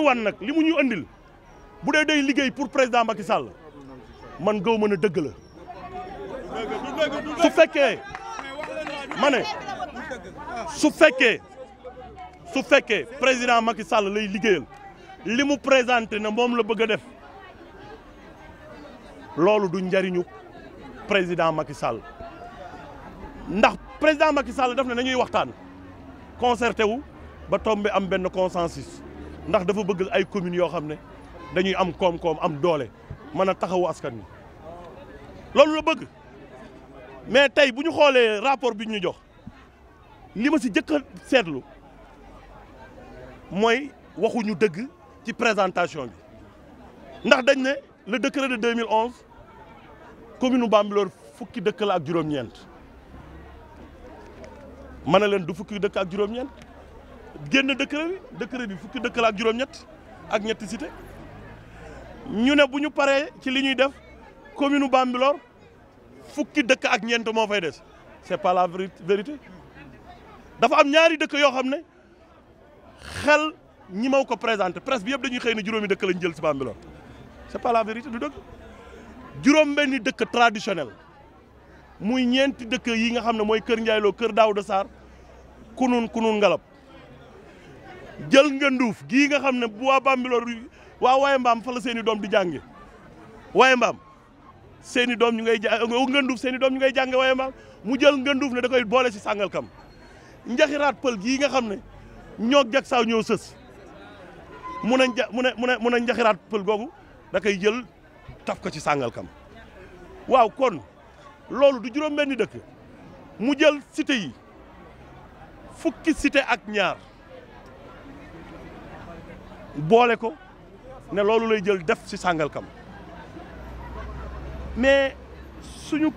ñu wan nag li mu ñu andil bu dee day liggéey pour président Macky Sall man gaw mën a dëgg la su fekkee ma ne su fekkee su fekkee président Macky Sall lay liggéeyal li mu présenté na moom la bëgg a def loolu du njariñu président Macky Sall ndax président Macky Sall def na nañuy waxtaan concerté wu ba tombé am benn consensus ndax dafa bëgg ay communes yo xamné ne dañuy am kom kom am doolé askan loolu la bëgg mais tay vous xolé rapport bi ñu jox li ma Vous dëgg ci présentation bi ndax dañ ne le décret de 2011 commune Bambilor fukki dëkk la ak juroom ñent du fukki ak génn décret bi décret bi fukki deuk la ak juroom ñet ak ñet cité ñu ne buñu paré ci li ñuy def commune Bambilor fukki deuk ak ñent mo fay dess c'est pas la vérité dafa am ñaari deuk yo xamné xel ñi maw ko présenter presse bi yeb dañuy xey na juroomi deuk lañ jël ci Bambilor c'est pas la vérité du dëgg juroom benni deuk traditionnel muy ñent deuk yi nga xamné moy mooy Kër Ndiayloo Kër Daouda Sarr kunun kunun ngalab jël nga giga gii nga xamne ne bu waa Bambilor wa waaye mbaam fa la seeni dom di jangé waye mbam seeni dom ñu ngay nga ñu ngay jangé waye mbam mu jël nga ne da koy bolé si sangal kam njaxiraat pël gi nga xamne ne jak saw ñoo ñëw mu ne mu ne mu ne mu pël googu da koy jël taf ko ci sangal kam waaw kon lolu du juroom benn dekk mu jël cité yi fukki cité ak ñaar boole ko ne loolu lay jël def ci Sangalkam mais suñu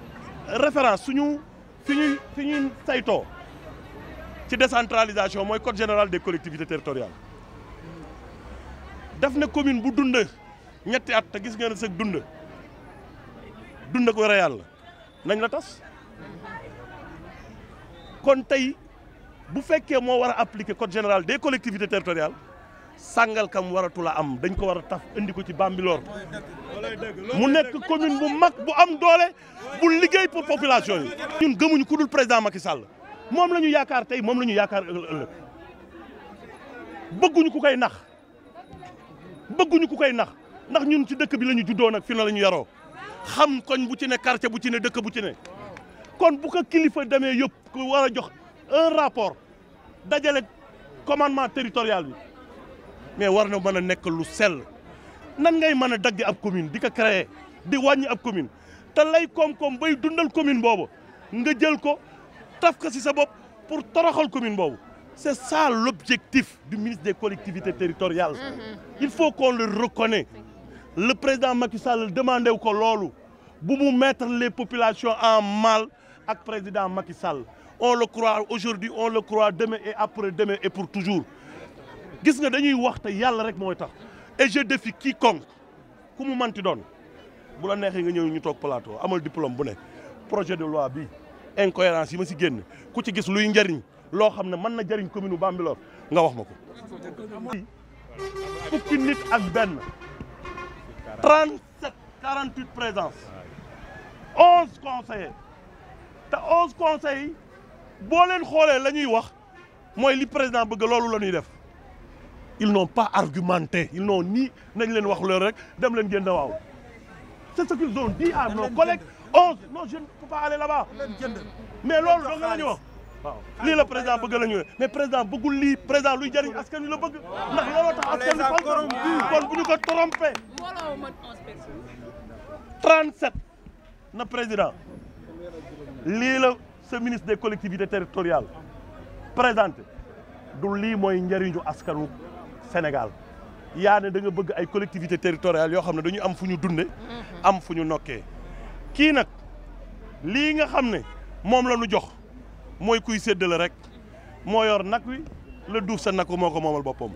référence suñu fi ñuy fi ñuy saytoo ci décentralisation mooy code général des collectivités territoriales daf na commune bu dund ñetti at te gis nga ne sëg dund dund ko yore yàlla nañ la tas kon tey bu fekkee moo war a appliquer code général des collectivités territoriales Sangalkam waratul a am dañ ko war a taf indi ko ci Bambilor mu nekk commune bu mag bu am doole bu liggéey pour population yi. ñun gëmuñu ku dul président Macky Sall moom la ñu yaakaar tey moom la ñu yaakaar ëllëg bëgguñu ku koy nax bëgguñ ku koy nax ndax ñun ci dëkk bi la ñu juddoo nag fi na la ñu yaroo xam koñ bu ci ne quartier bu ci ne dëkk bu ci ne kon bu ko kilifa demee yëpp ku war a jox un rapport dajale commandement territorial bi. mais war na mën a lu sel nan ngay mën a dagg ab commune di ko créer di wàññi ab commune ta lay koom-koom bay dundal commune nga jël ko taf ko sa pour toroxal commune c'est ça l'objectif du ministre des collectivités territoriales mm-hmm. il faut qu'on le reconnaisse le président Macky Sall demandé ko lolu bu mu mettre les populations en mal ak président Macky Sall on le croit aujourd'hui on le croit demain et après demain et pour toujours gis nga dañuy wax te yalla rek moy tax et je défie quiconque ku mu manti doon bu la neexee nga ñew ñu tok plateau amal diplôme bu ne projet de loi bi incohérence yi ma si génn ku ci gis luy njëriñ lo xam man na jëriñ commune Bambilor nga wax mako ko fukki nit ak ben 37 48 présences 11 conseillers ta 11 conseillers bo len xolé lañuy wax moy li président bëgg lolu lañuy ñuy def ils n'ont pas argumenté ils n'ont ni négligé wax c'est ce qu'ils ont dit à nos collègues 11. non je ne peux pas aller là-bas mais loolu le président bëgg le mais président là-bas. Le président luy jëriñ la 37 le président l'île, ce ministre des collectivités territoriales présenté du lii mooy Sénégal yaa ne da bëgg ay collectivités territoriales yoo xam ne dañu am fu ñu dunde mhm. am fu ñu nokkee kii nag lii nga xam ne moom la ñu jox mooy kuy séddale rek moo yor nag wi la duuf sa nag moo ko moomal boppam